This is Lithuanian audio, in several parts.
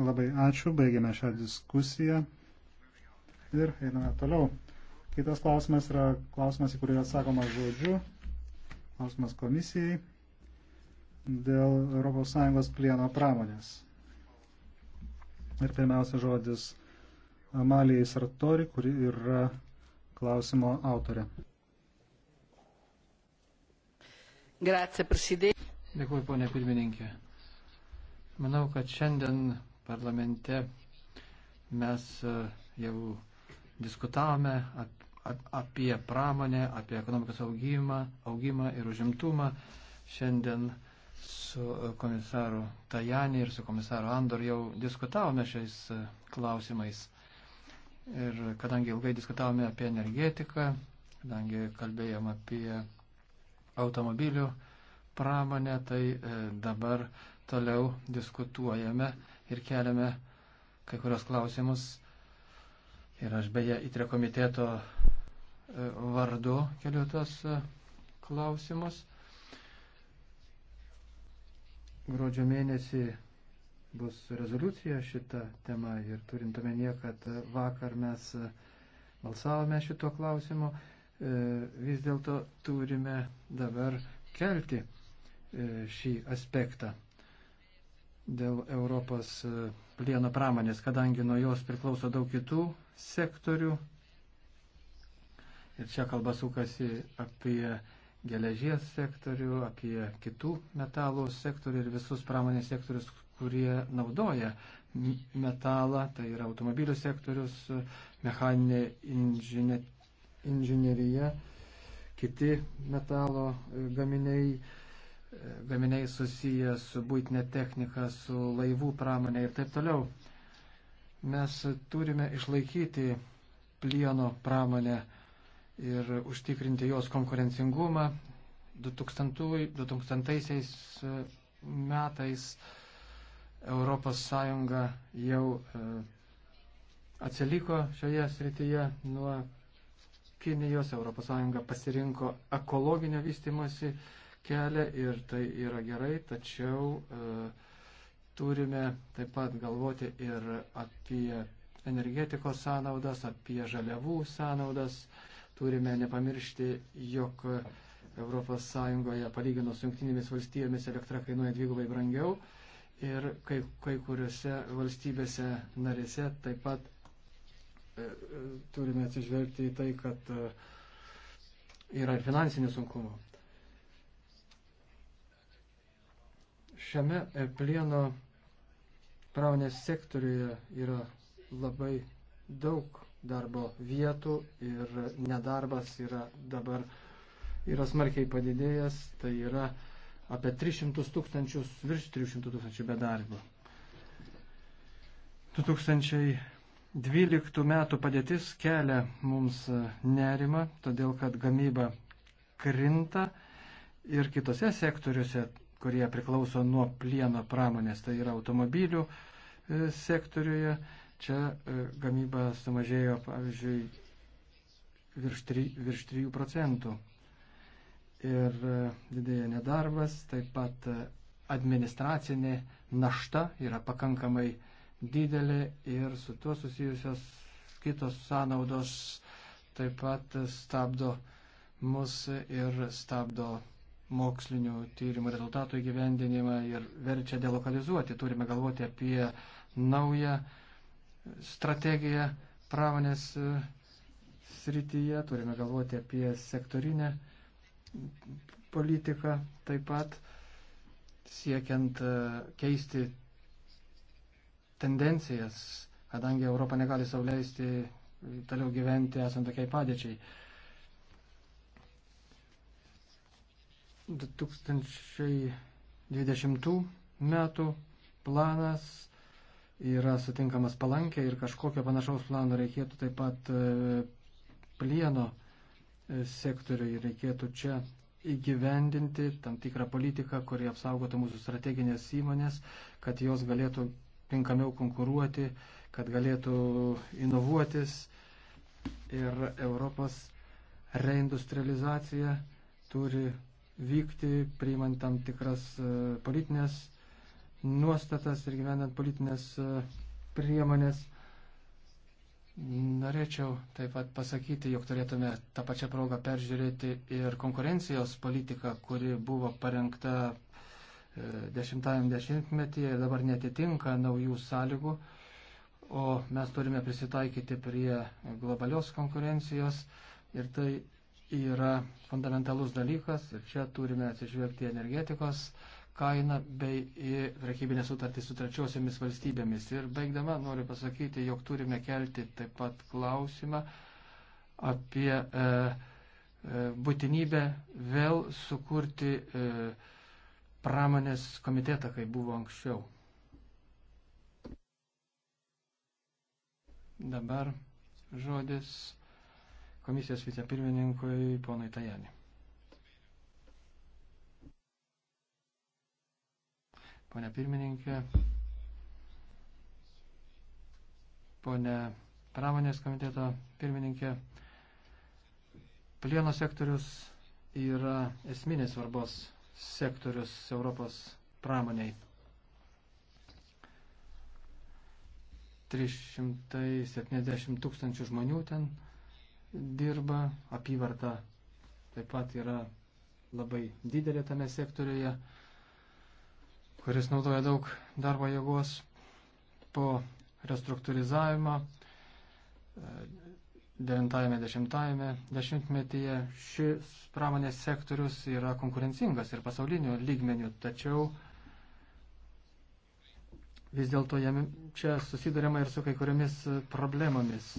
Labai ačiū, baigėme šią diskusiją ir einame toliau. Kitas klausimas yra klausimas, į kurį atsakoma žodžiu. Klausimas komisijai dėl ES plieno pramonės. Ir pirmiausia žodis Amalijai Sartori, kuri yra klausimo autorė. Grazie, Dėkui, ponė pirmininkė. Manau, kad šiandien parlamente mes e, jau diskutavome apie pramonę, apie ekonomikos augimą, augimą ir užimtumą. Šiandien su komisaru Tajani ir su komisaru Andor jau diskutavome šiais e, klausimais. Ir kadangi ilgai diskutavome apie energetiką, kadangi kalbėjom apie automobilių pramonę, tai e, dabar toliau diskutuojame ir keliame kai kurios klausimus. Ir aš beje įtre komiteto e, vardu keliu tos e, klausimus. Gruodžio mėnesį bus rezoliucija šita tema ir turint omenyje, kad e, vakar mes balsavome šito klausimu, vis dėlto turime dabar kelti šį aspektą dėl Europos e, plieno pramonės, kadangi nuo jos priklauso daug kitų sektorių. Ir čia kalba sukasi apie geležies sektorių, apie kitų metalų sektorių ir visus pramonės sektorius, kurie naudoja metalą, tai yra automobilių sektorius, mechaninė inžinierija, kiti metalo e, gaminiai gaminiai susiję su būtinė technika, su laivų pramonė ir taip toliau. Mes turime išlaikyti plieno pramonę ir užtikrinti jos konkurencingumą. 2000, 2000 e, metais Europos Sąjunga jau e, atsiliko šioje srityje nuo Kinijos. Europos Sąjunga pasirinko ekologinio vystimosi kelią ir tai yra gerai, tačiau e, turime taip pat galvoti ir apie energetikos sąnaudas, apie žaliavų sąnaudas. Turime nepamiršti, jog ES palyginus su jungtinėmis valstybėmis elektra kainuoja dvigubai brangiau ir kai, kai kuriuose valstybėse narėse taip pat e, e turime atsižvelgti į tai, kad e, yra ir finansinių sunkumų. Šiame e, plieno pramonės sektoriuje yra labai daug darbo vietų ir nedarbas yra dabar yra smarkiai padidėjęs, tai yra apie 300 tūkstančius, virš 300 tūkstančių bedarbių. 2012 metų padėtis kelia mums e, nerimą, todėl kad gamyba krinta ir kitose sektoriuose kurie priklauso nuo plieno pramonės, tai yra automobilių e, sektoriuje. Čia e, gamyba sumažėjo, pavyzdžiui, virš 3, virš 3 procentų. Ir e, didėja nedarbas, taip pat administracinė našta yra pakankamai didelė ir su tuo susijusios kitos sąnaudos taip pat stabdo mus ir stabdo mokslinių tyrimų rezultatų įgyvendinimą ir verčia delokalizuoti. Turime galvoti apie naują strategiją pramonės e, srityje, turime galvoti apie sektorinę politiką taip pat, siekiant e, keisti tendencijas, kadangi Europa negali sauliaisti toliau gyventi esant tokiai padėčiai. 2020 metų planas yra sutinkamas palankiai ir kažkokio panašaus plano reikėtų taip pat e, plieno e, sektoriui, reikėtų čia įgyvendinti tam tikrą politiką, kuri apsaugotų mūsų strateginės įmonės, kad jos galėtų tinkamiau konkuruoti, kad galėtų inovuotis ir Europos reindustrializacija turi vykti, priimant tam tikras e, politinės nuostatas ir gyvenant politinės e, priemonės. Norėčiau taip pat pasakyti, jog turėtume tą pačią progą peržiūrėti ir konkurencijos politiką, kuri buvo parengta e, dešimtajam dešimtmetyje ir dabar netitinka naujų sąlygų, o mes turime prisitaikyti prie globalios konkurencijos ir tai yra fundamentalus dalykas ir čia turime atsižvelgti energetikos kainą bei į prekybinę sutartį su trečiosiomis valstybėmis. Ir baigdama noriu pasakyti, jog turime kelti taip pat klausimą apie e, e būtinybę vėl sukurti e, pramonės komitetą, kaip buvo anksčiau. Dabar žodis komisijos vicepirmininkui ponui Tajani. Pone pirmininkė, pone pramonės komiteto pirmininkė, plieno sektorius yra esminės svarbos sektorius Europos pramoniai. 370 tūkstančių žmonių ten dirba, apyvarta taip pat yra labai didelė tame sektoriuje, kuris naudoja daug darbo jėgos po restruktūrizavimo. 90-10 e, metyje šis pramonės sektorius yra konkurencingas ir pasaulinių lygmenių, tačiau vis dėlto čia susidurima ir su kai kuriomis problemomis.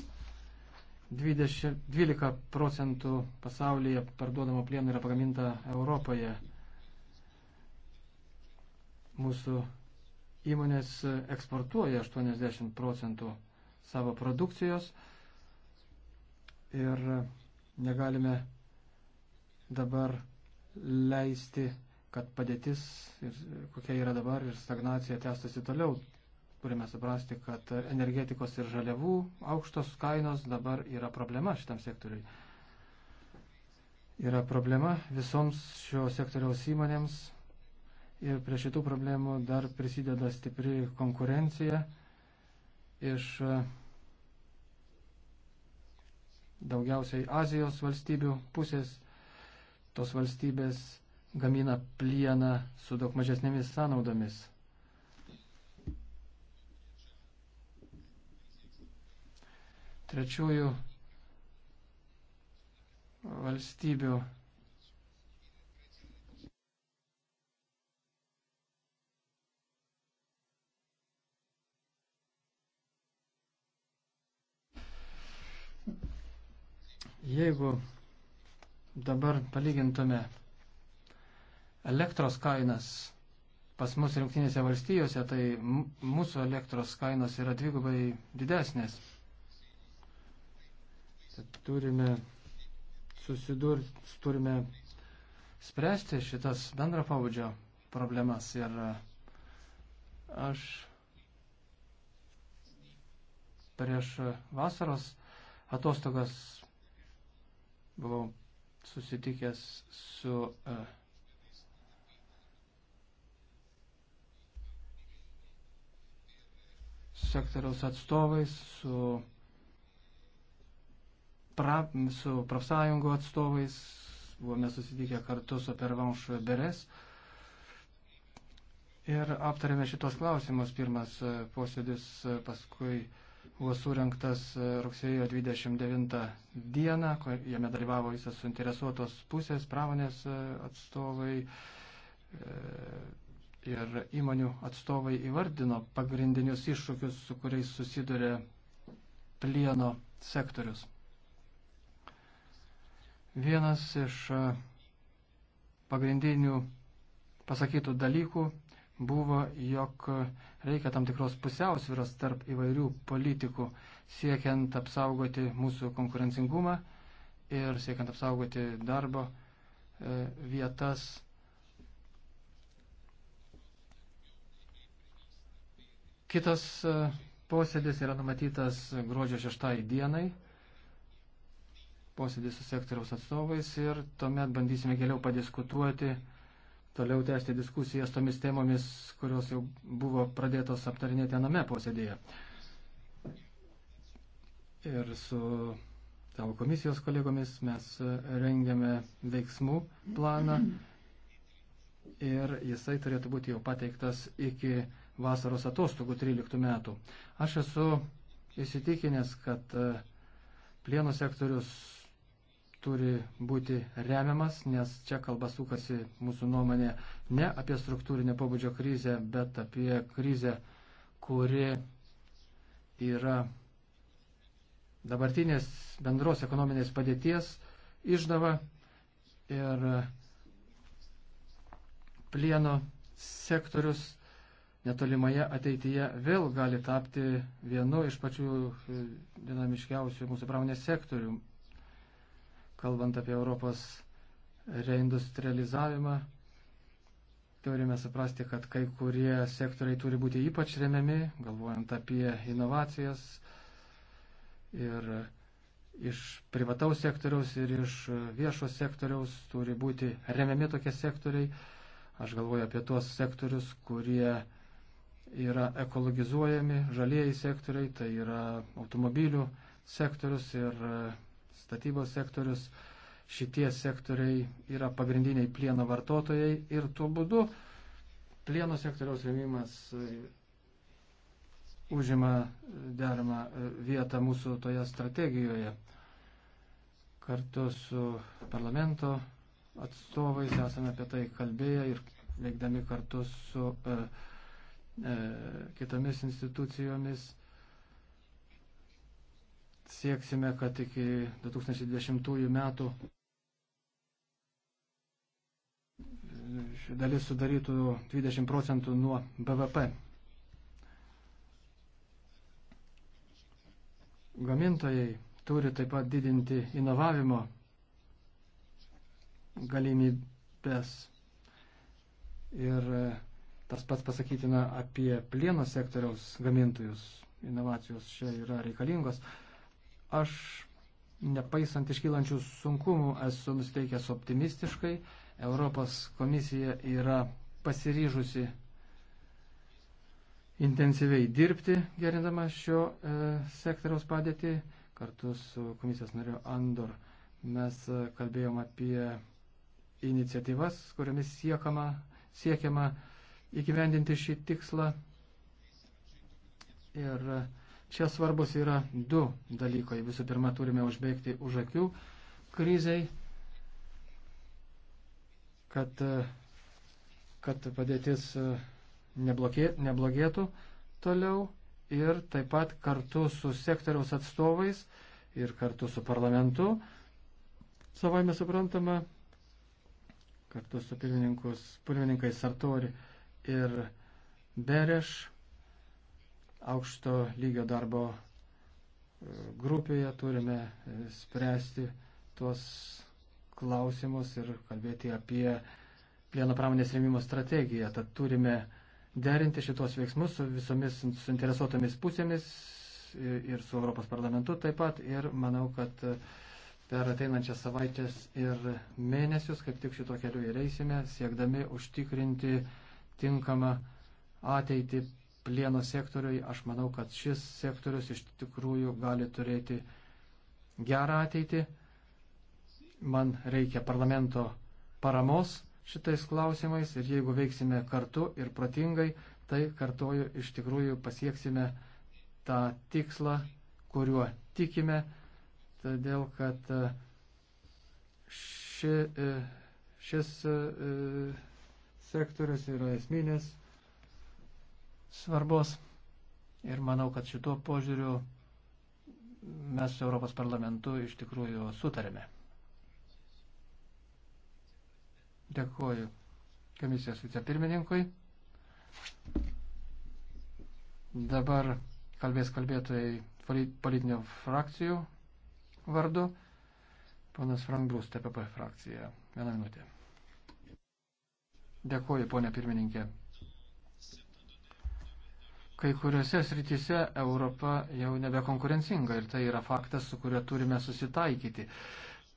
20, 12 procentų pasaulyje parduodamo plieno yra pagaminta Europoje. Mūsų įmonės eksportuoja 80 procentų savo produkcijos ir negalime dabar leisti, kad padėtis, ir kokia yra dabar ir stagnacija tęstasi toliau turime suprasti, kad energetikos ir žaliavų aukštos kainos dabar yra problema šitam sektoriui. Yra problema visoms šio sektoriaus įmonėms ir prie šitų problemų dar prisideda stipri konkurencija iš e, daugiausiai Azijos valstybių pusės. Tos valstybės gamina plieną su daug mažesnėmis sąnaudomis. trečiųjų valstybių. Jeigu dabar palygintume elektros kainas pas mus rinktinėse valstijose, tai mūsų elektros kainos yra dvigubai didesnės turime susidurti, turime spręsti šitas bendro pavudžio problemas. Ir e, aš prieš vasaros atostogas buvau susitikęs su uh, sektoriaus atstovais, su pra, su profsąjungų atstovais, buvome susitikę kartu su Pervanš Beres ir aptarėme šitos klausimus. Pirmas e, posėdis e, paskui buvo surinktas e, rugsėjo 29 dieną, jame dalyvavo visas suinteresuotos pusės, pramonės atstovai ir įmonių atstovai įvardino pagrindinius iššūkius, su kuriais susiduria plieno sektorius. Vienas iš e, pagrindinių pasakytų dalykų buvo, jog reikia tam tikros pusiausviros tarp įvairių politikų, siekiant apsaugoti mūsų konkurencingumą ir siekiant apsaugoti darbo e, vietas. Kitas e, posėdis yra numatytas gruodžio šeštai dienai posėdį su sektoriaus atstovais ir tuomet bandysime geriau padiskutuoti, toliau tęsti diskusijas tomis temomis, kurios jau buvo pradėtos aptarinėti aname posėdėje. Ir su tavo komisijos kolegomis mes rengiame veiksmų planą ir jisai turėtų būti jau pateiktas iki vasaros atostogų 13 metų. Aš esu įsitikinęs, kad plieno sektorius turi būti remiamas, nes čia kalba sukasi mūsų nuomonė ne apie struktūrinę pobūdžio krizę, bet apie krizę, kuri yra dabartinės bendros ekonominės padėties išdava ir plieno sektorius netolimoje ateityje vėl gali tapti vienu iš pačių e, dinamiškiausių mūsų pramonės sektorių kalbant apie Europos reindustrializavimą, turime suprasti, kad kai kurie sektoriai turi būti ypač remiami, galvojant apie inovacijas ir iš privataus sektoriaus ir iš viešo sektoriaus turi būti remiami tokie sektoriai. Aš galvoju apie tuos sektorius, kurie yra ekologizuojami, žalieji sektoriai, tai yra automobilių sektorius ir statybos sektorius, šitie sektoriai yra pagrindiniai plieno vartotojai ir tuo būdu plieno sektoriaus rėmimas e, užima deramą e, vietą mūsų toje strategijoje. Kartu su parlamento atstovais esame apie tai kalbėję ir veikdami kartu su e, e, kitomis institucijomis sieksime, kad iki 2020 metų ši dalis sudarytų 20 procentų nuo BVP. Gamintojai turi taip pat didinti inovavimo galimybės. Ir e, tas pats pasakytina apie plieno sektoriaus gamintojus. Inovacijos čia yra reikalingos. Aš, nepaisant iškylančių sunkumų, esu nusteikęs optimistiškai. Europos komisija yra pasiryžusi intensyviai dirbti, gerindama šio e, sektoriaus padėtį. Kartu su komisijos nariu Andor mes e, kalbėjom apie iniciatyvas, kuriomis siekama, siekiama įgyvendinti šį tikslą. Ir e, Čia svarbus yra du dalykai. Visų pirma, turime užbėgti už akių kriziai, kad, kad padėtis e, neblokė, neblogėtų toliau ir taip pat kartu su sektoriaus atstovais ir kartu su parlamentu, savai mes suprantama, kartu su pirmininkais Sartori ir Bereš aukšto lygio darbo e, grupėje turime e, spręsti tuos klausimus ir kalbėti apie plieno pramonės rėmimo strategiją. Tad turime derinti šitos veiksmus su visomis suinteresuotomis pusėmis ir su Europos parlamentu taip pat. Ir manau, kad e, per ateinančias savaitės ir mėnesius kaip tik šito keliu ir eisime, siekdami užtikrinti tinkamą ateitį plieno sektoriui, aš manau, kad šis sektorius iš tikrųjų gali turėti gerą ateitį. Man reikia parlamento paramos šitais klausimais ir jeigu veiksime kartu ir protingai, tai kartuoju iš tikrųjų pasieksime tą tikslą, kuriuo tikime, todėl kad e, ši, e, šis e, sektorius yra esminės svarbos ir manau, kad šituo požiūriu mes su Europos parlamentu iš tikrųjų sutarėme. Dėkuoju komisijos vicepirmininkui. Dabar kalbės kalbėtojai politinių frakcijų vardu. Ponas Frank Brus, TPP frakcija. Vieną minutę. Dėkuoju, ponė pirmininkė. Kai kuriuose srityse Europa jau nebekonkurencinga ir tai yra faktas, su kuriuo turime susitaikyti.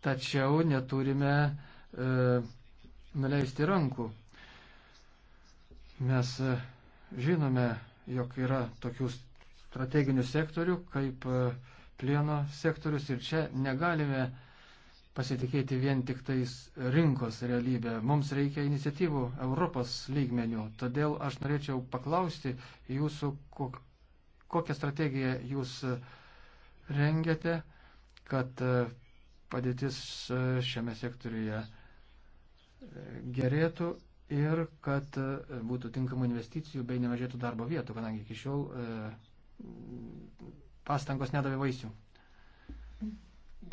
Tačiau neturime e, nuleisti rankų. Mes e, žinome, jog yra tokių strateginių sektorių kaip e, plieno sektorius ir čia negalime pasitikėti vien tik tais rinkos realybė. Mums reikia iniciatyvų Europos lygmenių. Todėl aš norėčiau paklausti jūsų, kokią strategiją jūs e, rengiate, kad e, padėtis e, šiame sektoriuje gerėtų ir kad būtų tinkamų investicijų bei nemažėtų darbo vietų, kadangi iki šiol pastangos nedavė vaisių.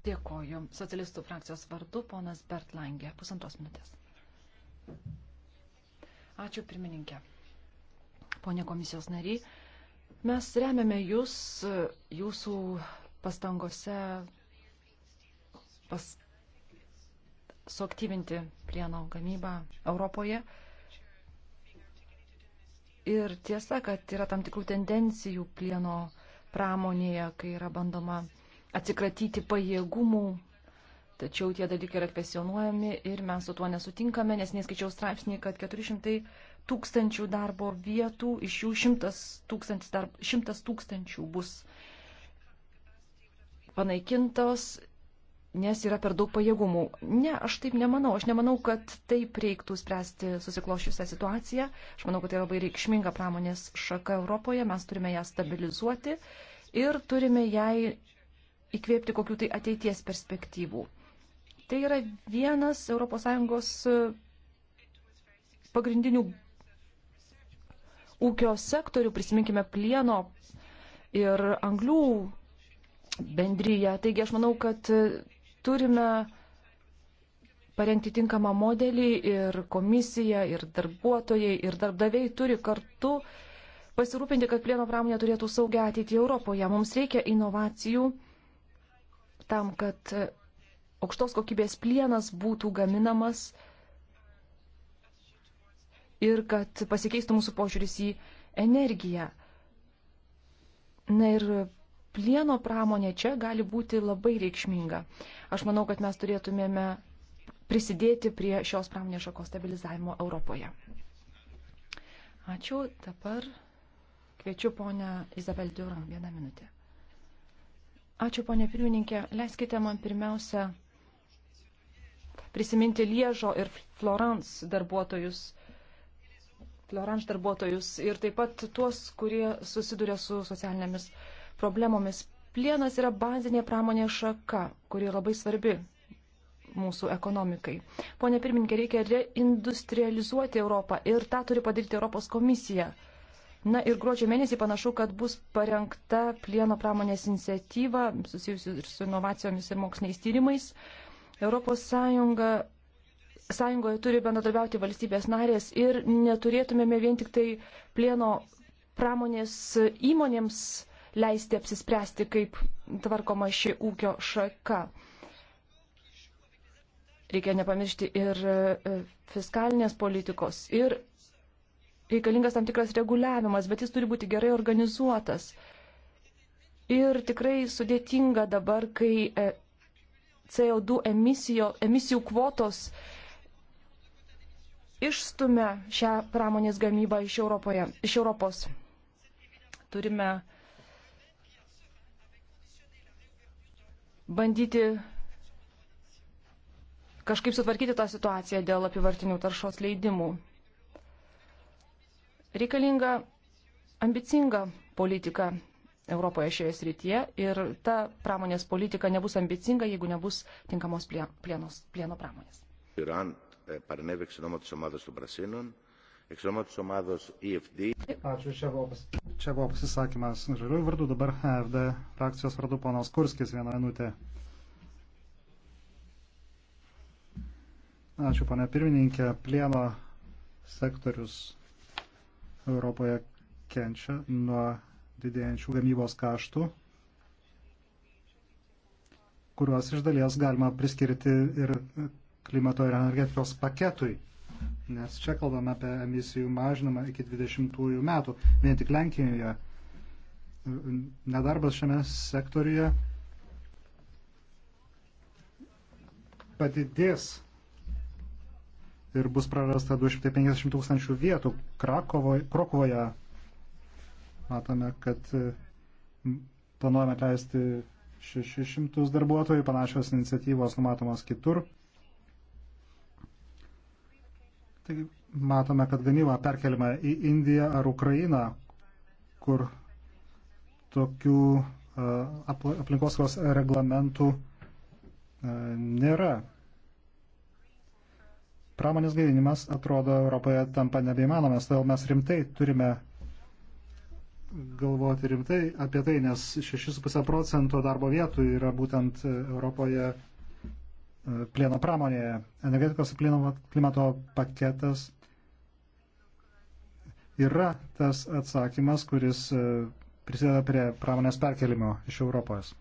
Dėkoju. Socialistų frakcijos vardu ponas Bertlangė. Pusantos minutės. Ačiū pirmininkė. Pone komisijos nariai, mes remiame jūs, jūsų pastangose pas, suaktyvinti plieno gamybą Europoje. Ir tiesa, kad yra tam tikrų tendencijų plieno pramonėje, kai yra bandoma uh, atsikratyti pajėgumų, tačiau tie dalykai yra kvesionuojami ir mes su tuo nesutinkame, nes neskaičiau straipsnį, kad 400 tūkstančių darbo vietų, iš jų 100 tūkstančių, darb, 100 tūkstančių bus panaikintos, nes yra per daug pajėgumų. Ne, aš taip nemanau. Aš nemanau, kad taip reiktų spręsti susiklošiusią situaciją. Aš manau, kad tai labai reikšminga pramonės šaka Europoje. Mes turime ją stabilizuoti ir turime jai įkvėpti kokių tai ateities perspektyvų. Tai yra vienas ES e, pagrindinių ūkio sektorių, prisiminkime plieno ir anglių bendryje. Taigi aš manau, kad e, turime parengti tinkamą modelį ir komisija, ir darbuotojai, ir darbdaviai turi kartu pasirūpinti, kad plieno pramonė turėtų saugią ateitį Europoje. Mums reikia inovacijų tam, kad aukštos kokybės plienas būtų gaminamas ir kad pasikeistų mūsų požiūris į energiją. Na ir plieno pramonė čia gali būti labai reikšminga. Aš manau, kad mes turėtumėme prisidėti prie šios pramonės šakos stabilizavimo Europoje. Ačiū. Dabar kviečiu ponę Izabel Duran. Vieną minutę. Ačiū, ponė pirmininkė. Leiskite man pirmiausia prisiminti Liežo ir Florence darbuotojus. Florence darbuotojus ir taip pat tuos, kurie susiduria su socialinėmis problemomis. Plienas yra bazinė pramonė šaka, kuri labai svarbi mūsų ekonomikai. Pone pirmininkė, reikia reindustrializuoti Europą ir tą turi padaryti Europos komisija. Na ir gruodžio mėnesį panašu, kad bus parengta plieno pramonės iniciatyva susijusi ir su inovacijomis ir moksliniais tyrimais. Europos Sąjunga, Sąjungoje turi bendradarbiauti valstybės narės ir neturėtumėme vien tik tai plieno pramonės įmonėms leisti apsispręsti, kaip tvarkoma ši ūkio šaka. Reikia nepamiršti ir e, fiskalinės politikos, ir reikalingas tam tikras reguliavimas, bet jis turi būti gerai organizuotas. Ir tikrai sudėtinga dabar, kai e, CO2 emisijo, emisijų kvotos išstumia šią pramonės gamybą iš, Europoje, iš Europos. Turime bandyti kažkaip sutvarkyti tą situaciją dėl apivartinių taršos leidimų. Reikalinga ambicinga politika Europoje šioje srityje ir ta pramonės politika nebus ambicinga, jeigu nebus tinkamos plienos, plieno pramonės. Iran παρενέβη εξ ονόμα της ομάδας των Πρασίνων, εξ ονόμα της ομάδας EFD. Ačiū, čia buvo, pas... čia buvo pasisakymas žaliųjų vardų, dabar AFD e frakcijos vardu ponas Kurskis vieną minutę. Ačiū, pane pirmininkė, plieno sektorius Europoje kenčia nuo didėjančių gamybos kaštų, kuriuos iš dalies galima priskirti ir klimato ir energetikos paketui. Nes čia kalbame apie emisijų mažinimą iki 20 metų. Vien tik Lenkijoje nedarbas šiame sektoriuje padidės ir bus prarasta 250 tūkstančių vietų Krakovoje. Krokovoje matome, kad e, planuojame atleisti 600 darbuotojų, panašios iniciatyvos numatomos kitur. Taigi matome, kad gamyba perkeliama į Indiją ar Ukrainą, kur tokių e, aplinkosaugos reglamentų e, nėra pramonės gaivinimas atrodo Europoje tampa nebeįmanomas, todėl mes rimtai turime galvoti rimtai apie tai, nes 6,5 procento darbo vietų yra būtent Europoje e, plieno pramonėje. Energetikos klimato paketas yra tas atsakymas, kuris e, prisideda prie pramonės perkelimo iš Europos.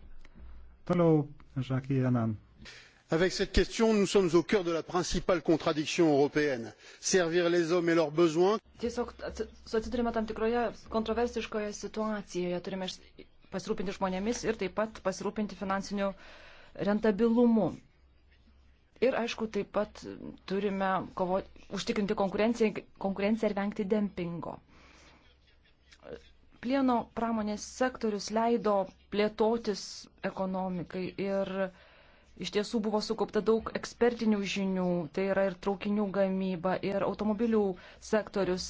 Toliau Žakį Janan avec cette question nous sommes au cœur de la principale contradiction européenne servir les hommes et leurs besoins. tiesiog atsiduriame tam tikroje kontroversiškoje situacijoje turime pasirūpinti žmonėmis ir taip pat pasirūpinti finansiniu rentabilumu. Ir aišku, taip pat turime kovo, užtikrinti konkurenciją, konkurenciją ir vengti dempingo. Plieno pramonės sektorius leido plėtotis ekonomikai ir uh, Iš tiesų buvo sukaupta daug ekspertinių žinių, tai yra ir traukinių gamyba, ir automobilių sektorius.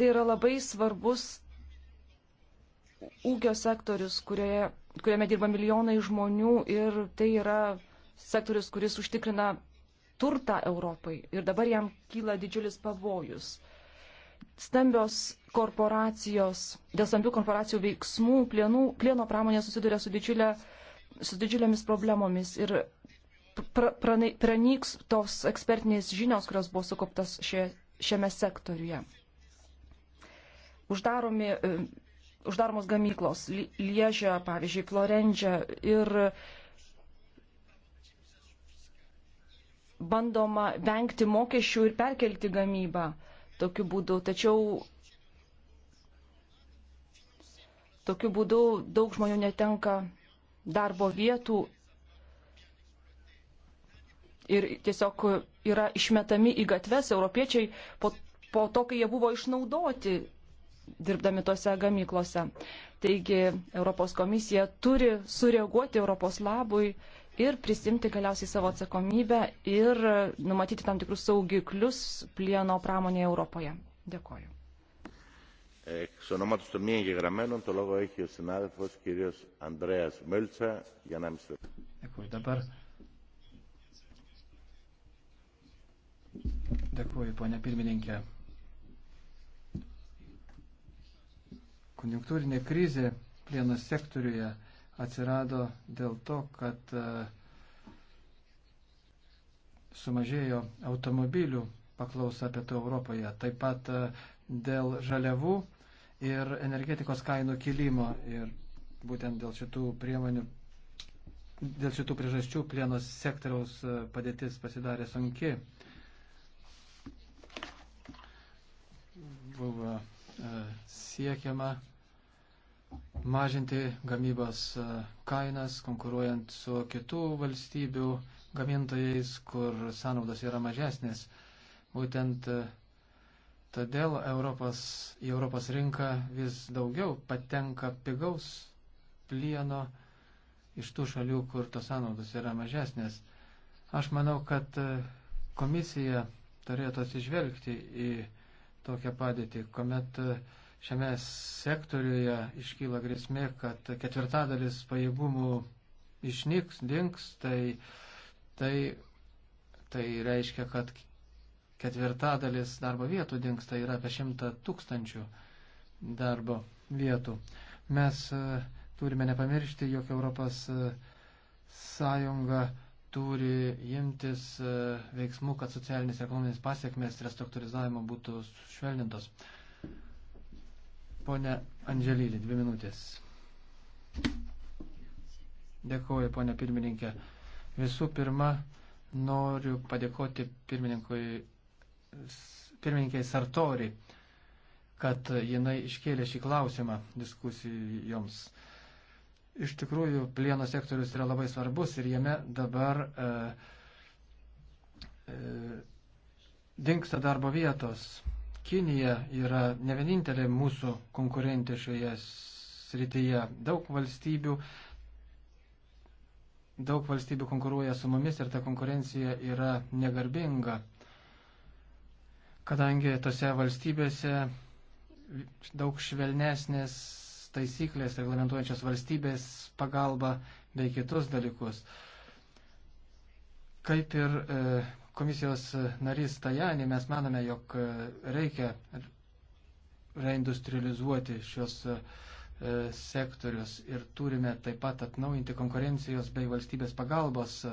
Tai yra labai svarbus ūkio sektorius, kurioje, kuriame dirba milijonai žmonių ir tai yra sektorius, kuris užtikrina turtą Europai. Ir dabar jam kyla didžiulis pavojus. Stambios korporacijos, dėl stambių korporacijų veiksmų plienų, plieno pramonė susiduria su didžiulė uh, su didžiulėmis problemomis ir pra, pranai, pranyks tos ekspertinės žinios, kurios buvo sukauptas šie, šiame sektoriuje. Uždaromi, e, uždaromos gamyklos Liežia, pavyzdžiui, Florendžia ir bandoma vengti mokesčių ir perkelti gamybą tokiu būdu. Tačiau tokiu būdu daug žmonių netenka darbo vietų ir tiesiog yra išmetami į gatves europiečiai po, po to, kai jie buvo išnaudoti dirbdami tose gamyklose. Taigi Europos komisija turi sureaguoti Europos labui ir prisimti galiausiai savo atsakomybę ir numatyti tam tikrus saugiklius plieno pramonėje Europoje. Dėkoju. Εξ ονόματος των μη εγγεγραμμένων το λόγο έχει ο συνάδελφος κύριος Ανδρέας Μέλτσα για να μισθώ. Dėkui dabar. Dėkui, ponia pirmininkė. Konjunktūrinė krizė plieno sektoriuje atsirado dėl to, kad e, sumažėjo automobilių paklausa pietų Europoje. Taip pat e, dėl žaliavų ir energetikos kainų kilimo. Ir būtent dėl šitų priemonių, dėl šitų priežasčių plienos sektoriaus e, padėtis pasidarė sunki. Buvo e, siekiama mažinti gamybos e, kainas, konkuruojant su kitų valstybių gamintojais, kur sąnaudos yra mažesnės. Būtent Todėl Europos, į Europos rinką vis daugiau patenka pigaus plieno iš tų šalių, kur tos sąnaudos yra mažesnės. Aš manau, kad e, komisija turėtų atsižvelgti į tokią padėtį, kuomet e, šiame sektoriuje iškyla grėsmė, kad ketvirtadalis pajėgumų išnyks, dinks, tai, tai, tai reiškia, kad ketvirtadalis darbo vietų dinksta, yra apie šimtą tūkstančių darbo vietų. Mes e, turime nepamiršti, jog Europos e, sąjunga turi imtis e, veiksmų, kad socialinis ir ekonominis pasiekmes restruktūrizavimo būtų švelnintos. Pone Andželylį, dvi minutės. Dėkuoju, ponė pirmininkė. Visų pirma, noriu padėkoti pirmininkui pirmininkiai Sartori, kad jinai iškėlė šį klausimą diskusijoms. Iš tikrųjų, plieno sektorius yra labai svarbus ir jame dabar e, e, dinksta darbo vietos. Kinija yra ne vienintelė mūsų konkurentė šioje srityje. Daug valstybių, daug valstybių konkuruoja su mumis ir ta konkurencija yra negarbinga kadangi tose valstybėse daug švelnesnės taisyklės reglamentuojančios valstybės pagalba bei kitus dalykus. Kaip ir e, komisijos narys Tajani, mes manome, jog e, reikia reindustrializuoti šios e, sektorius ir turime taip pat atnaujinti konkurencijos bei valstybės pagalbos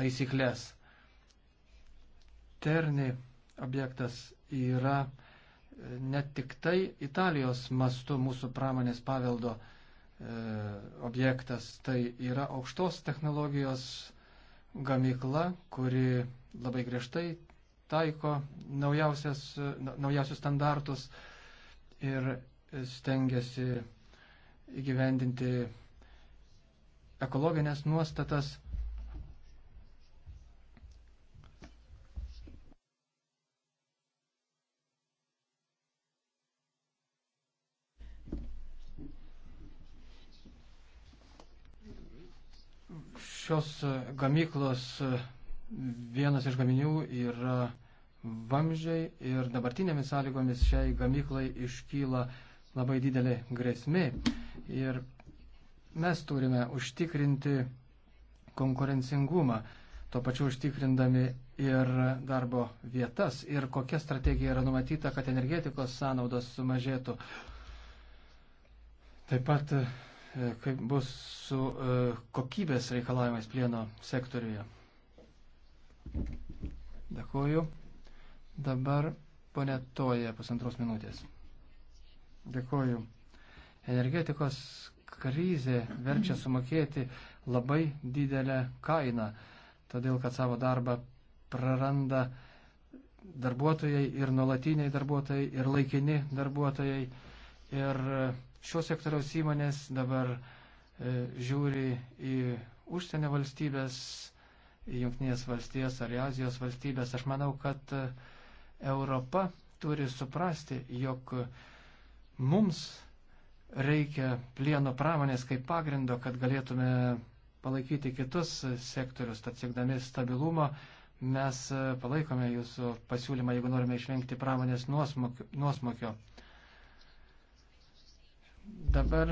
taisyklės. Terni objektas yra e, ne tik tai Italijos mastu mūsų pramonės paveldo e, objektas, tai yra aukštos technologijos gamykla, kuri labai griežtai taiko e, naujausius standartus ir stengiasi įgyvendinti ekologinės nuostatas šios gamyklos e, vienas iš gaminių yra vamzdžiai ir dabartinėmis sąlygomis šiai gamyklai iškyla labai didelė grėsmė. Ir mes turime užtikrinti konkurencingumą, tuo pačiu užtikrindami ir darbo vietas. Ir kokia strategija yra numatyta, kad energetikos sąnaudos sumažėtų. Taip pat e, E, kaip bus su e, kokybės reikalavimais plieno sektoriuje. Dėkuoju. Dabar ponė Toja pusantros minutės. Dėkuoju. Energetikos krizė verčia sumokėti labai didelę kainą, todėl kad savo darbą praranda darbuotojai ir nuolatiniai darbuotojai ir laikini darbuotojai. Ir uh, šios sektoriaus įmonės dabar e, žiūri į užsienio valstybės, į Junktinės valstijas ar į Azijos valstybės. Aš manau, kad e, Europa turi suprasti, jog mums reikia plieno pramonės kaip pagrindo, kad galėtume palaikyti kitus sektorius, tad siekdami stabilumo mes e, palaikome jūsų pasiūlymą, jeigu norime išvengti pramonės nuosmokio. Dabar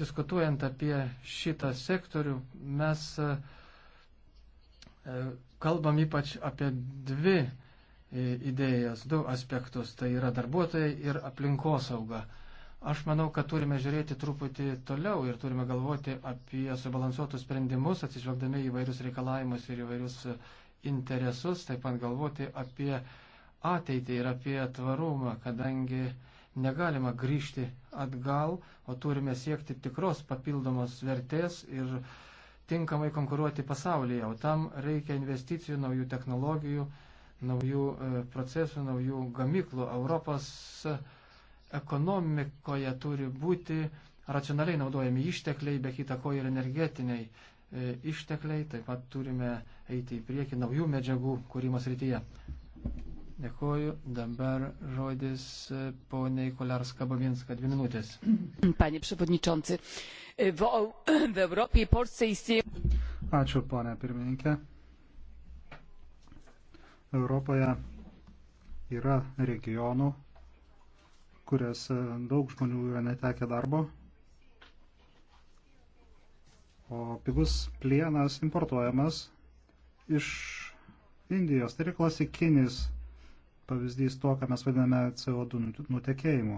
diskutuojant apie šitą sektorių, mes e, e, kalbam ypač apie dvi e, idėjas, du aspektus. Tai yra darbuotojai ir aplinkosauga. Aš manau, kad turime žiūrėti truputį toliau ir turime galvoti apie subalansuotus sprendimus, atsižvelgdami įvairius reikalavimus ir įvairius interesus, taip pat galvoti apie ateitį ir apie tvarumą, kadangi uh, Negalima grįžti atgal, o turime siekti tikros papildomos vertės ir tinkamai konkuruoti pasaulyje. O tam reikia investicijų, naujų technologijų, naujų e, procesų, naujų gamyklų. Europos ekonomikoje turi būti racionaliai naudojami ištekliai, be kita ko ir energetiniai e, ištekliai, taip pat turime eiti į priekį naujų medžiagų kūrimas rytyje. Dėkuoju. Dabar žodis e, poniai Kolarska Baginska. Dvi minutės. Panie Przewodniczący, w, w Europie i Polsce istnieje. Ačiū, ponia pirmininkė. Europoje yra regionų, kuriuose daug žmonių yra netekę darbo, o pigus plienas importuojamas iš Indijos. Tai yra klasikinis pavyzdys to, ką mes vadiname CO2 nutekėjimu.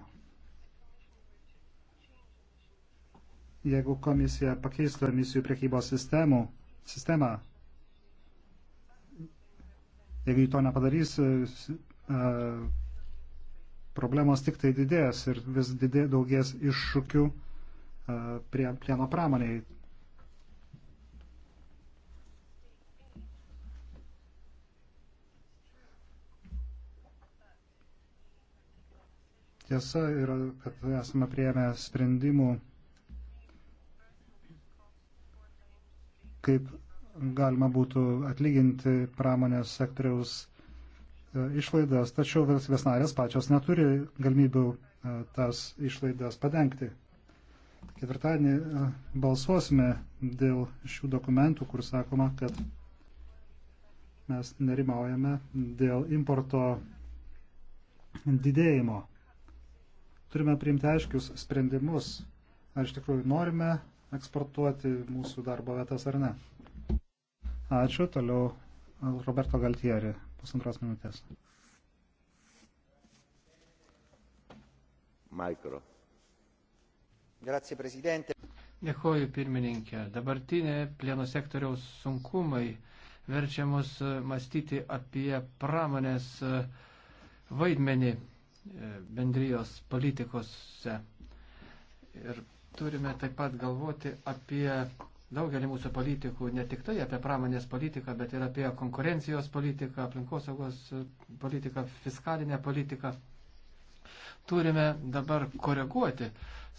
Jeigu komisija pakeistų emisijų priekybos sistemų, sistemą, jeigu jį to nepadarys, e, e, problemos tik tai didės ir vis didė, daugės iššūkių e, prie, plieno pramoniai. Tiesa yra, kad esame prieėmę sprendimų, kaip galima būtų atlyginti pramonės sektoriaus e, išlaidas, tačiau valstybės narės pačios neturi galimybių e, tas išlaidas padengti. Ketvirtadienį e, balsuosime dėl šių dokumentų, kur sakoma, kad mes nerimaujame dėl importo didėjimo. Turime priimti aiškius sprendimus, ar iš tikrųjų norime eksportuoti mūsų darbo vietas ar ne. Ačiū, toliau Roberto Galtieri, pusantros minutės. Mikro. Grazie, prezidente. Dėkoju, pirmininkė. Dabartinė plieno sektoriaus sunkumai verčia mus mąstyti apie pramonės vaidmenį E, bendrijos politikose. Ir turime taip pat galvoti apie daugelį mūsų politikų, ne tik tai apie pramonės politiką, bet ir apie konkurencijos politiką, aplinkosaugos politiką, fiskalinę politiką. Turime dabar koreguoti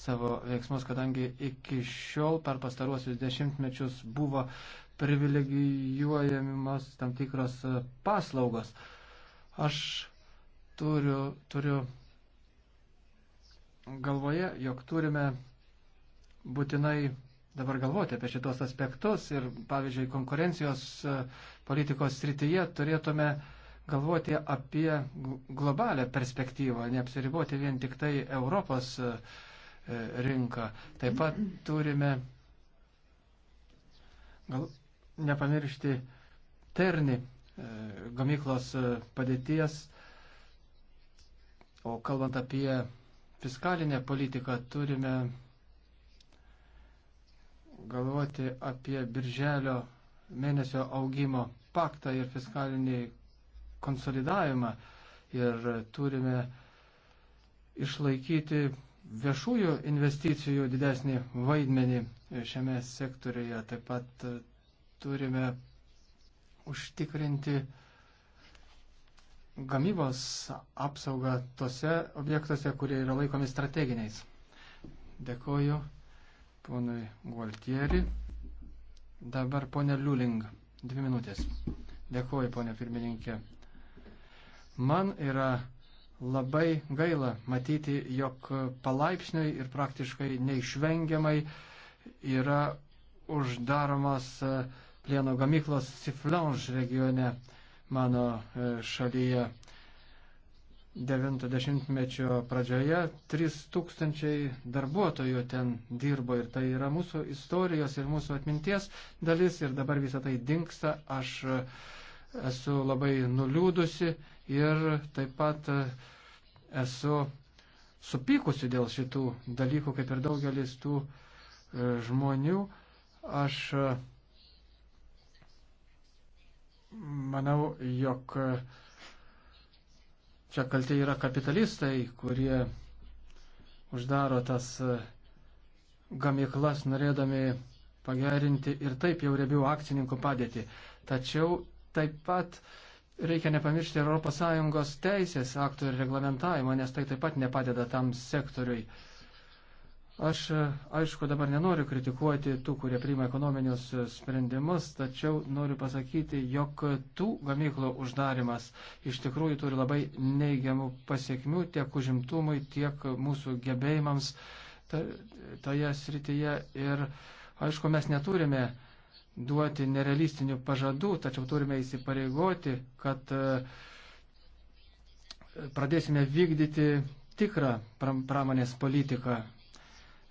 savo veiksmus, kadangi iki šiol per pastaruosius dešimtmečius buvo privilegijuojamos tam tikros paslaugos. Aš Turiu, turiu galvoje, jog turime būtinai dabar galvoti apie šitos aspektus ir, pavyzdžiui, konkurencijos e, politikos srityje turėtume galvoti apie globalę perspektyvą, neapsiriboti vien tik tai Europos e, e, rinką. Taip pat turime gal, nepamiršti terni gamyklos padėties O kalbant apie fiskalinę politiką, turime galvoti apie birželio mėnesio augimo paktą ir fiskalinį konsolidavimą. Ir turime išlaikyti viešųjų investicijų didesnį vaidmenį šiame sektoriuje. Taip pat turime užtikrinti uh, gamybos apsaugą tose objektuose, kurie yra laikomi strateginiais. Dėkoju ponui Gualtieri. Dabar ponė Liuling. Dvi minutės. Dėkoju, ponė pirmininkė. Man yra labai gaila matyti, jog palaipsniui ir praktiškai neišvengiamai yra uždaromas e, plieno gamyklos Siflange regione mano e, šalyje 90-mečio pradžioje 3000 darbuotojų ten dirbo ir tai yra mūsų istorijos ir mūsų atminties dalis ir dabar visą tai dinksta. Aš e, esu labai nuliūdusi ir taip pat e, esu supykusi dėl šitų dalykų, kaip ir daugelis tų žmonių. Aš Manau, jog čia kalti yra kapitalistai, kurie uždaro tas gamyklas, norėdami pagerinti ir taip jau rebių akcininkų padėtį. Tačiau taip pat reikia nepamiršti ES teisės aktų ir reglamentavimo, nes tai taip pat nepadeda tam sektoriui. Uh, Aš, aišku, dabar nenoriu kritikuoti tų, kurie priima ekonominius sprendimus, tačiau noriu pasakyti, jog tų gamyklų uždarimas iš tikrųjų turi labai neigiamų pasiekmių tiek užimtumui, tiek mūsų gebėjimams toje srityje. Ir, aišku, mes neturime duoti nerealistinių pažadų, tačiau turime įsipareigoti, kad e, pradėsime vykdyti tikrą pramonės politiką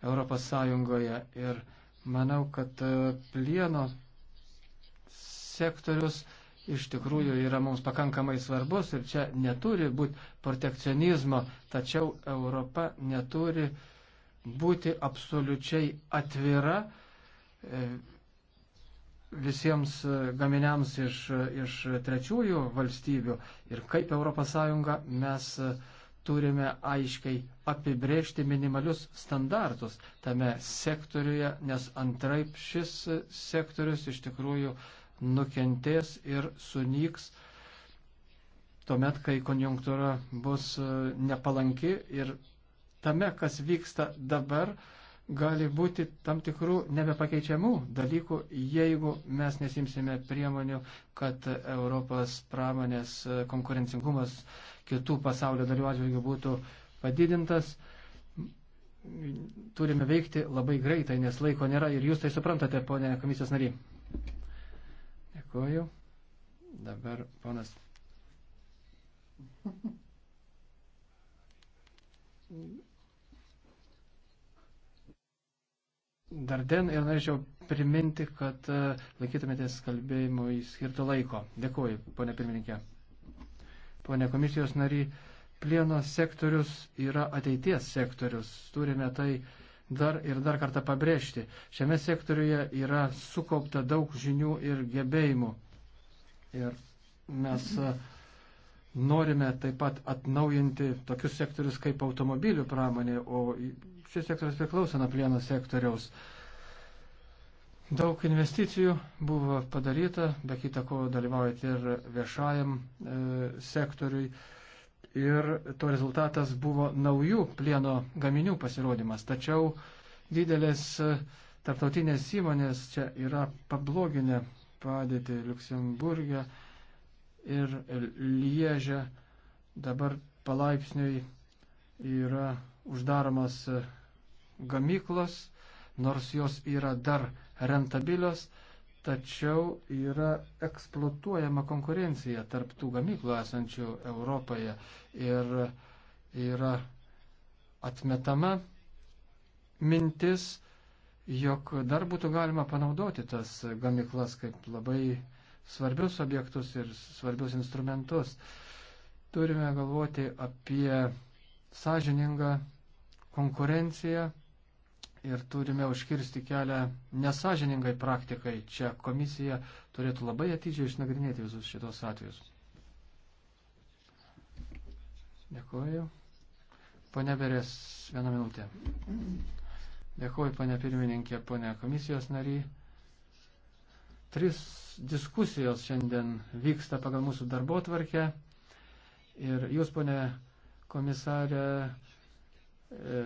ES. Ir manau, kad e, plieno sektorius iš tikrųjų yra mums pakankamai svarbus ir čia neturi būti protekcionizmo, tačiau Europa neturi būti absoliučiai atvira e, visiems e, gaminiams iš, iš trečiųjų valstybių ir kaip ES mes turime aiškiai apibrėžti minimalius standartus tame sektoriuje, nes antraip šis sektorius iš tikrųjų nukentės ir sunyks tuomet, kai konjunktūra bus nepalanki ir tame, kas vyksta dabar, gali būti tam tikrų nebepakeičiamų dalykų, jeigu mes nesimsime priemonių, kad Europos pramonės konkurencingumas kitų pasaulio dalių atžvilgių būtų padidintas. Turime veikti labai greitai, nes laiko nėra ir jūs tai suprantate, ponė komisijos nariai. Dėkuoju. Dabar ponas. Mm-hmm. Darden ir norėčiau priminti, kad e, laikytumėtės kalbėjimui skirto laiko. Dėkuoju, ponė pirmininkė. Pone komisijos nary, plieno sektorius yra ateities sektorius. Turime tai dar ir dar kartą pabrėžti. Šiame sektoriuje yra sukaupta daug žinių ir gebėjimų. Ir mes e, norime taip pat atnaujinti tokius sektorius kaip automobilių pramonė, o šis sektorius priklauso nuo plieno sektoriaus. Uh, Daug investicijų buvo padaryta, be kita ko dalyvaujant ir viešajam e, sektoriui. Ir to rezultatas buvo naujų plieno gaminių pasirodymas. Tačiau didelės e, tarptautinės įmonės čia yra pabloginę padėtį Luksemburgė ir Liežė. Dabar palaipsniui yra uždaromas e, gamyklos, nors jos yra dar rentabilios, tačiau yra eksploatuojama konkurencija tarptų gamyklų esančių Europoje ir yra atmetama mintis, jog dar būtų galima panaudoti tas gamyklas kaip labai svarbius objektus ir svarbius instrumentus. Turime galvoti apie sąžiningą konkurenciją ir turime užkirsti kelią nesažiningai praktikai. Čia komisija turėtų labai atidžiai išnagrinėti visus šitos atvejus. Dėkuoju. Pane Berės, vieną minutę. Dėkuoju, pane pirmininkė, pane komisijos nariai. Tris diskusijos šiandien vyksta pagal mūsų darbo tvarkę. Ir jūs, pane komisarė, e,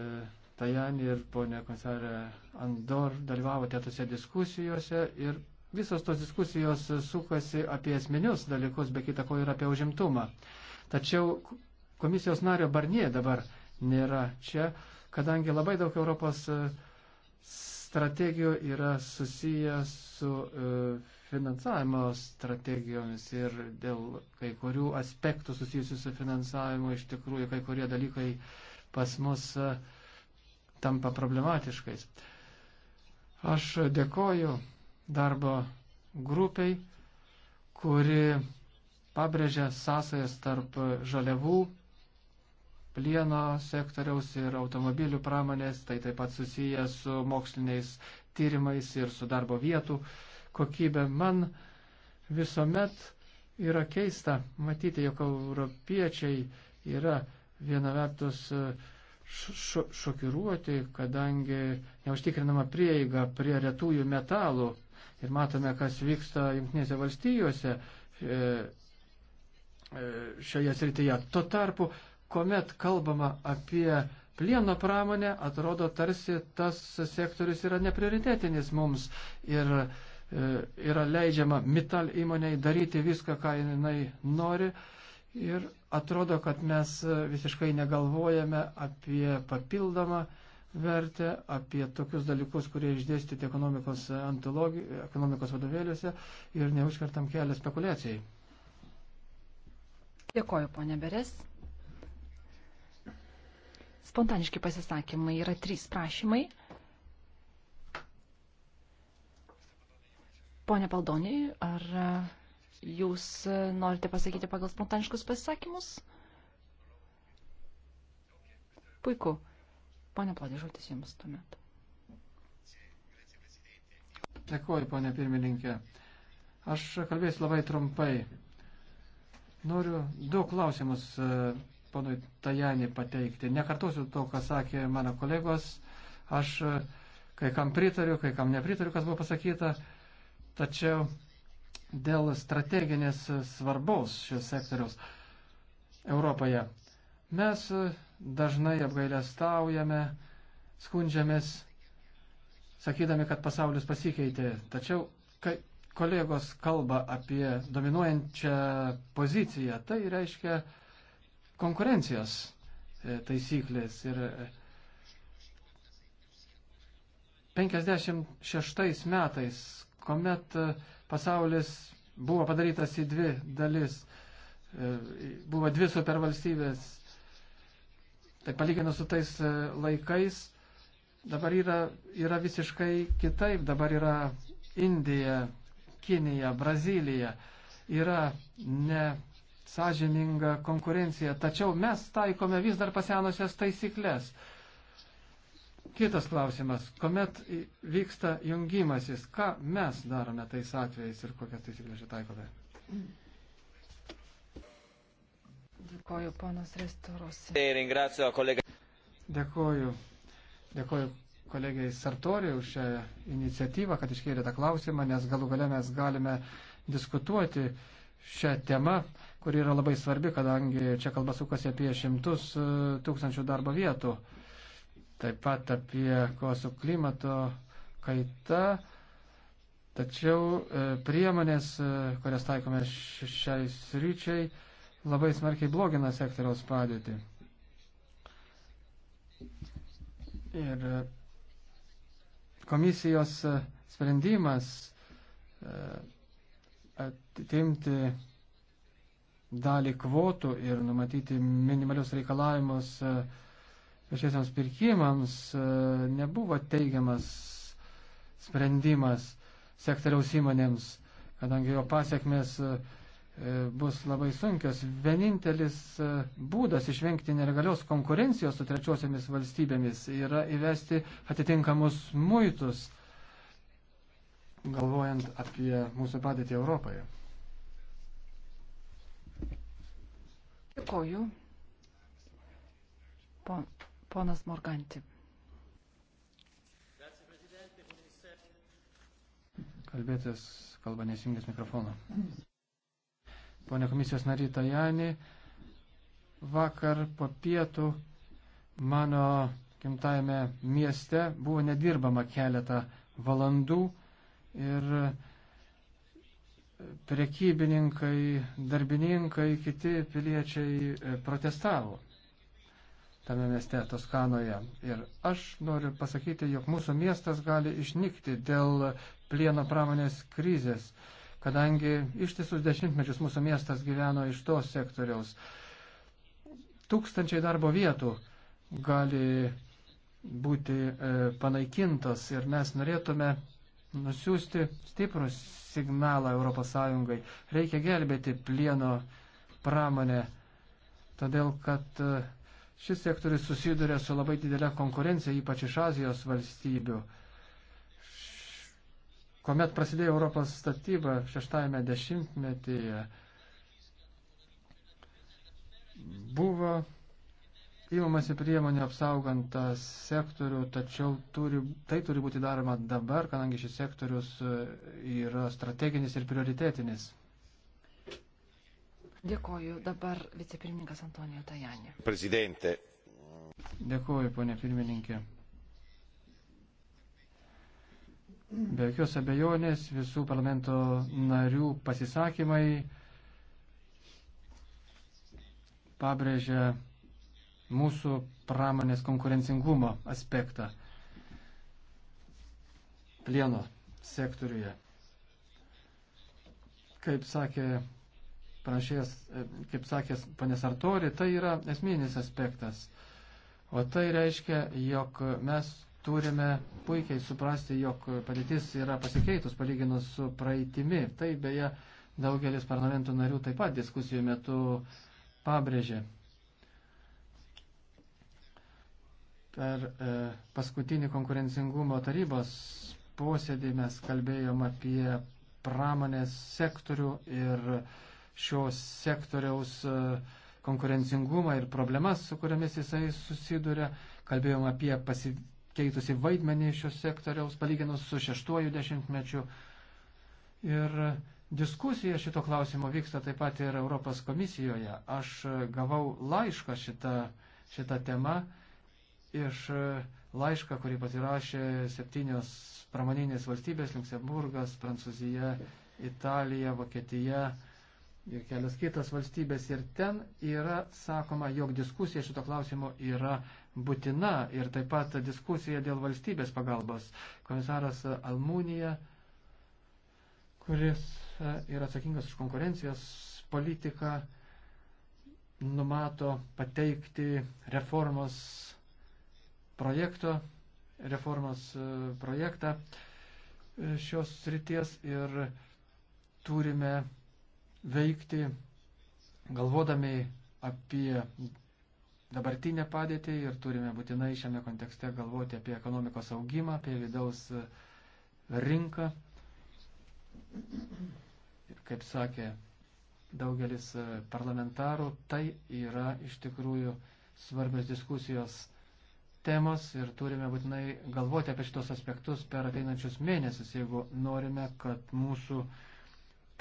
Tajani ir ponė komisarė Andor dalyvavote tose diskusijose ir visos tos diskusijos sukasi apie esminius dalykus, be kita ko ir apie užimtumą. Tačiau komisijos nario Barnie dabar nėra čia, kadangi labai daug Europos e, strategijų yra susijęs su e, finansavimo strategijomis ir dėl kai kurių aspektų susijusių su finansavimu iš tikrųjų kai kurie dalykai pas mus uh, tampa problematiškais. Aš dėkoju darbo grupiai, kuri pabrėžia sąsajas tarp žaliavų, plieno sektoriaus ir automobilių pramonės, tai taip pat susiję su moksliniais tyrimais ir su darbo vietų kokybė. Man visuomet yra keista matyti, jog europiečiai yra viena vertus uh, šokiruoti, kadangi neužtikrinama prieiga prie retųjų metalų. Ir matome, kas vyksta Junktinėse valstijose e, e, šioje srityje. Tuo tarpu, kuomet kalbama apie plieno pramonę, atrodo tarsi tas sektorius yra nepritetinis mums ir e, yra leidžiama metal įmoniai daryti viską, ką jinai nori. Ir atrodo, kad mes visiškai negalvojame apie papildomą vertę, apie tokius dalykus, kurie išdėstyti ekonomikos, ekonomikos vadovėliuose ir neužkertam kelią spekulacijai. Dėkoju, ponė Beres. Spontaniški pasisakymai yra trys prašymai. Pone Paldonį, ar Jūs e, norite pasakyti pagal spontaniškus pasisakymus? Puiku. Pane Plodė, žodis jums tuomet. Dėkuoju, ponė pirmininkė. Aš kalbėsiu labai trumpai. Noriu du klausimus e, ponui Tajani pateikti. Nekartosiu to, ką sakė mano kolegos. Aš e, kai kam pritariu, kai kam nepritariu, kas buvo pasakyta. Tačiau dėl strateginės svarbos šios sektoriaus Europoje. Mes dažnai apgailestaujame, skundžiamės, sakydami, kad pasaulis pasikeitė. Tačiau, kai kolegos kalba apie dominuojančią poziciją, tai reiškia konkurencijos e, taisyklės. Ir 56 e, metais, kuomet e, pasaulis buvo padarytas į dvi dalis. E, buvo dvi supervalstybės. Tai palyginus su tais e, laikais, dabar yra, yra visiškai kitaip. Dabar yra Indija, Kinija, Brazilija. Yra ne sąžininga konkurencija. Tačiau mes taikome vis dar pasenusias taisyklės. Kitas klausimas, kuomet vyksta jungimasis, ką mes darome tais atvejais ir kokias taisyklės čia taikome? Dėkoju, ponas Restoros. E, Dėkoju. Dėkoju kolegijai Sartoriai už šią iniciatyvą, kad iškėlė tą klausimą, nes galų gale mes galime diskutuoti šią temą, kuri yra labai svarbi, kadangi čia kalba sukasi apie šimtus e, tūkstančių darbo vietų taip pat apie kovą su klimato kaita. Tačiau e, priemonės, e, kurias taikome šiai sryčiai, labai smarkiai blogina sektoriaus padėtį. Ir komisijos sprendimas e, atimti dalį kvotų ir numatyti minimalius reikalavimus uh, viešiesiams pirkimams e, nebuvo teigiamas sprendimas sektoriaus įmonėms, kadangi jo pasiekmes e, bus labai sunkios. Vienintelis e, būdas išvengti nelegalios konkurencijos su trečiosiamis valstybėmis yra įvesti atitinkamus muitus, galvojant apie mūsų padėtį Europoje. Dėkoju. Pon, Ponas Morganti. Kalbėtas kalba nesijungęs mikrofoną. Pone komisijos nary Tajani, vakar po pietų mano gimtajame mieste buvo nedirbama keletą valandų ir prekybininkai, darbininkai, kiti piliečiai protestavo tame mieste Toskanoje. Ir aš noriu pasakyti, jog mūsų miestas gali išnykti dėl plieno pramonės krizės, kadangi ištisus dešimtmečius mūsų miestas gyveno iš to sektoriaus. Tūkstančiai darbo vietų gali būti e, panaikintos ir mes norėtume nusiųsti stiprų signalą ES. Reikia gelbėti plieno pramonę, todėl kad e, Šis sektorius susiduria su labai didelė konkurencija, ypač iš Azijos valstybių. Komet prasidėjo Europos statyba šeštajame dešimtmetyje, buvo įmamasi priemonių apsaugant tą sektorių, tačiau turi, tai turi būti daroma dabar, kadangi šis sektorius e, yra strateginis ir prioritetinis. Dėkoju dabar vicepirmininkas Antonijo Tajanė. Prezidentė. Dėkoju, ponė pirmininkė. Be jokios abejonės visų parlamento narių pasisakymai pabrėžia mūsų pramonės konkurencingumo aspektą plieno sektoriuje. Kaip sakė pranešėjas, e, kaip sakės panės Artori, tai yra esminis aspektas. O tai reiškia, jog mes turime puikiai suprasti, jog padėtis yra pasikeitus palyginus su praeitimi. Tai beje, daugelis parlamento narių taip pat diskusijų metu pabrėžė. Per e, paskutinį konkurencingumo tarybos posėdį mes kalbėjom apie pramonės sektorių ir e, šios sektoriaus e, konkurencingumą ir problemas, su kuriamis jisai susiduria. Kalbėjom apie pasikeitusi vaidmenį šios sektoriaus, palyginus su šeštuoju dešimtmečiu. Ir diskusija šito klausimo vyksta taip pat ir Europos komisijoje. Aš gavau laišką šitą, šitą temą iš e, laišką, kurį pasirašė septynios pramoninės valstybės - Luksemburgas, Prancūzija, Italija, Vokietija, ir kelias kitas valstybės. Ir ten yra sakoma, jog diskusija šito klausimo yra būtina ir taip pat diskusija dėl valstybės pagalbos. Komisaras Almūnija, kuris e, yra atsakingas už konkurencijos politiką, numato pateikti reformos projekto, reformos e, projektą e, šios srities ir turime veikti, galvodami apie dabartinę padėtį ir turime būtinai šiame kontekste galvoti apie ekonomikos augimą, apie vidaus e, rinką. Ir kaip sakė daugelis e, parlamentarų, tai yra iš tikrųjų svarbios diskusijos temos ir turime būtinai galvoti apie šitos aspektus per ateinančius mėnesius, jeigu norime, kad mūsų uh,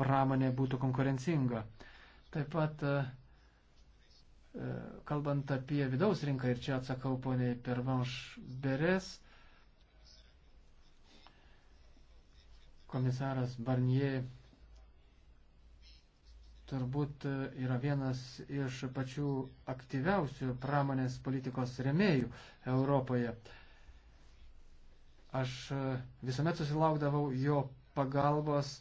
pramonė būtų konkurencinga. Taip pat, e, e, kalbant apie vidaus rinką, ir čia atsakau poniai Pervanš Beres, komisaras Barnier turbūt e, yra vienas iš pačių aktyviausių pramonės politikos remėjų Europoje. Aš visuomet susilaukdavau jo pagalbos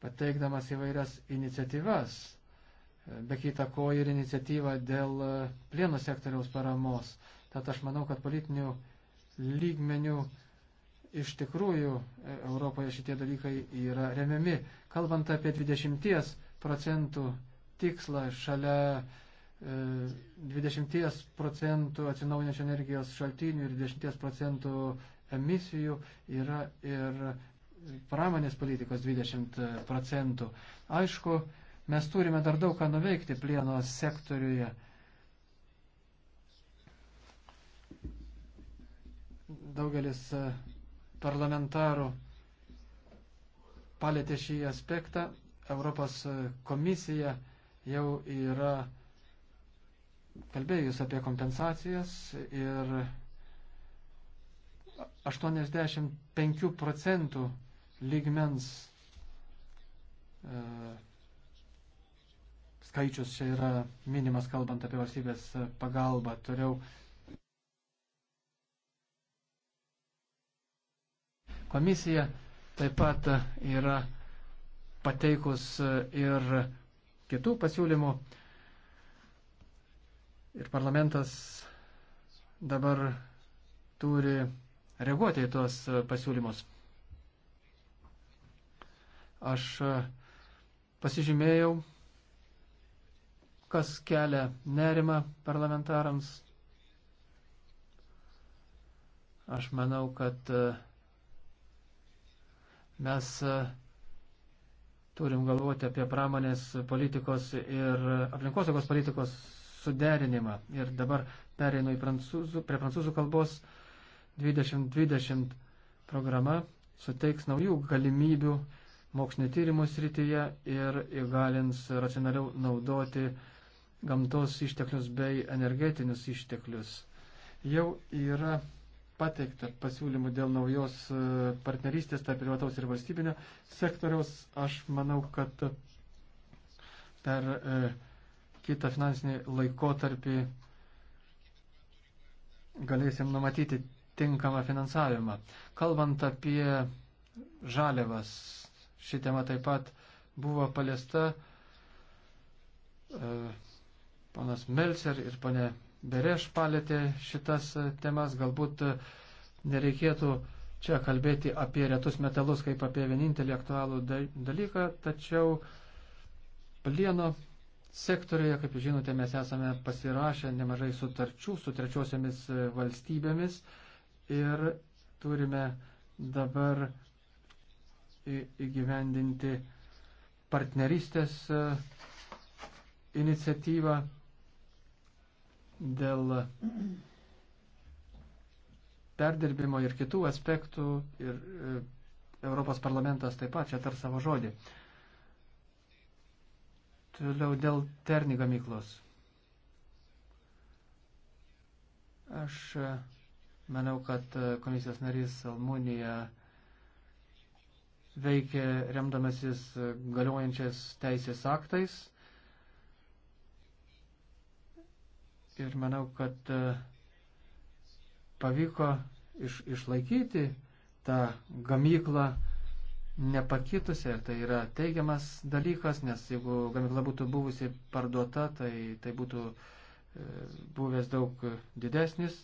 pateikdamas įvairias iniciatyvas, be kita ko ir iniciatyvą dėl e, plieno sektoriaus paramos. Tad aš manau, kad politinių lygmenių iš tikrųjų e, Europoje šitie dalykai yra remiami. Kalbant apie 20 procentų tikslą šalia 20 e, procentų atsinaujinančių energijos šaltinių ir 20 procentų emisijų yra ir pramonės politikos 20 e, procentų. Aišku, mes turime dar daug ką nuveikti plieno sektoriuje. Daugelis e, parlamentarų palėtė šį aspektą. Europos e, komisija jau yra kalbėjus apie kompensacijas ir 85 procentų lygmens e, skaičius čia yra minimas, kalbant apie valstybės pagalbą. Toliau komisija taip pat yra pateikus ir kitų pasiūlymų. Ir parlamentas dabar turi reaguoti į tuos pasiūlymus. Aš e, pasižymėjau, kas kelia nerimą parlamentarams. Aš manau, kad e, mes e, turim galvoti apie pramonės politikos ir aplinkosaugos politikos suderinimą. Ir dabar pereinu prancūzų, prie prancūzų kalbos 2020 programa suteiks naujų galimybių mokslinio tyrimų srityje ir įgalins racionaliau naudoti gamtos išteklius bei energetinius išteklius. Jau yra pateikta pasiūlymų dėl naujos e, partnerystės tarp privataus ir valstybinio sektoriaus. Aš manau, kad per e, kitą finansinį laikotarpį galėsim numatyti tinkamą finansavimą. Kalbant apie žaliavas, Ši tema taip pat buvo paliesta e, ponas Melcer ir ponė Bereš palėtė šitas temas. Galbūt nereikėtų čia kalbėti apie retus metalus kaip apie vienintelį aktualų dalyką, tačiau plieno sektoriuje, kaip jūs žinote, mes esame pasirašę nemažai sutarčių su trečiosiamis valstybėmis ir turime dabar įgyvendinti partnerystės e, iniciatyvą dėl perdirbimo ir kitų aspektų ir e, Europos parlamentas taip pat čia tar savo žodį. Toliau dėl terni gamyklos. Aš e, manau, kad komisijos narys Almunija veikia remdamasis galiojančias teisės aktais. Ir manau, kad e, pavyko iš, išlaikyti tą gamyklą nepakitusią. Tai yra teigiamas dalykas, nes jeigu gamykla būtų buvusi parduota, tai, tai būtų e, buvęs daug didesnis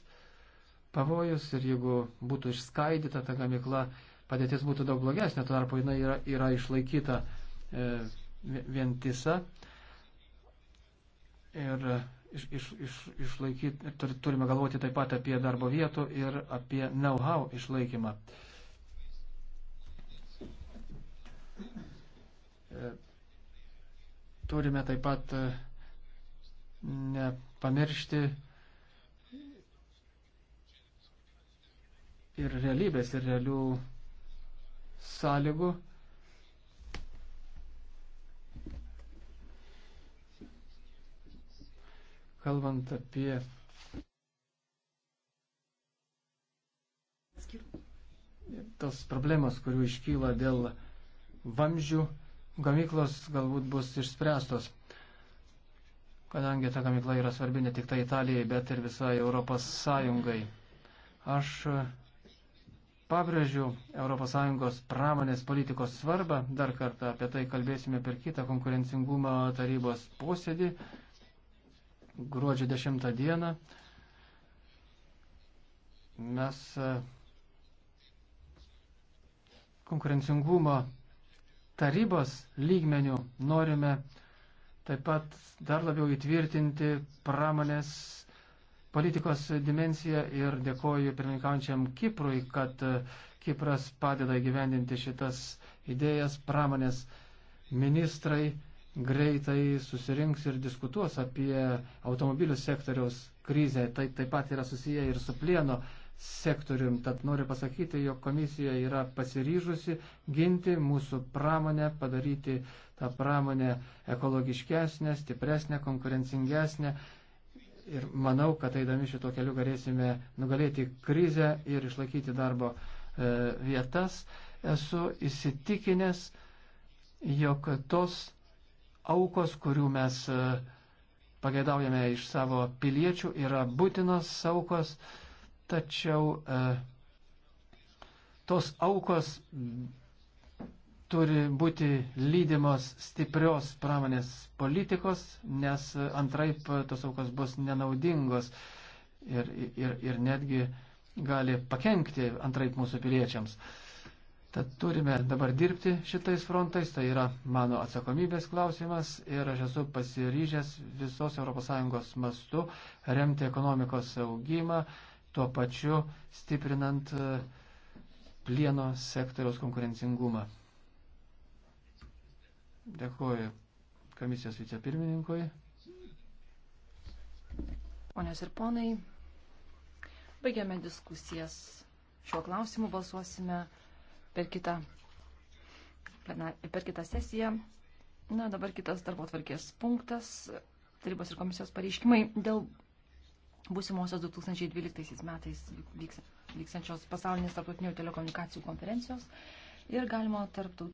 pavojus ir jeigu būtų išskaidyta ta gamykla padėtis būtų daug blogesnė, tuo tarpu jinai yra, yra išlaikyta e, vientisa ir e, iš, iš, iš, išlaikyti, tur, turime galvoti taip pat apie darbo vietų ir apie know-how išlaikymą. E, turime taip pat e, nepamiršti ir realybės, ir realių sąlygų. Kalbant apie. Tos problemos, kurių iškyla dėl vamzdžių, gamyklos galbūt bus išspręstos kadangi ta gamykla yra svarbi ne tik tai Italijai, bet ir visai Europos Sąjungai. Aš Pabrėžiu ES pramonės politikos svarbą, dar kartą apie tai kalbėsime per kitą konkurencingumo tarybos posėdį gruodžio 10 dieną. Mes e, konkurencingumo tarybos lygmenių norime taip pat dar labiau įtvirtinti pramonės politikos dimensiją ir dėkoju pirmininkaujančiam Kiprui, kad e, Kipras padeda gyvendinti šitas idėjas. Pramonės ministrai greitai susirinks ir diskutuos apie automobilių sektoriaus krizę. Tai taip pat yra susiję ir su plieno sektorium. Tad noriu pasakyti, jog komisija yra pasiryžusi ginti mūsų pramonę, padaryti tą pramonę ekologiškesnę, stipresnę, konkurencingesnę Ir manau, kad eidami šito keliu galėsime nugalėti krizę ir išlaikyti darbo e, vietas. Esu įsitikinęs, jog tos aukos, kurių mes e, pageidaujame iš savo piliečių, yra būtinos aukos, tačiau e, tos aukos turi būti lydimos stiprios pramonės politikos, nes antraip tos aukos bus nenaudingos ir, ir, ir netgi gali pakengti antraip mūsų piliečiams. Tad turime dabar dirbti šitais frontais, tai yra mano atsakomybės klausimas ir aš esu pasiryžęs visos ES mastu remti ekonomikos augimą, tuo pačiu stiprinant plieno sektoriaus konkurencingumą. Dėkuoju komisijos vicepirmininkui. Ponios ir ponai, baigiame diskusijas. Šiuo klausimu balsuosime per kitą, per kitą sesiją. Na, dabar kitas darbo tvarkės punktas. Tarybos ir komisijos pareiškimai dėl būsimosios 2012 metais vyksiančios pasaulinės tarptautinių telekomunikacijų konferencijos ir galimo tarptautinių.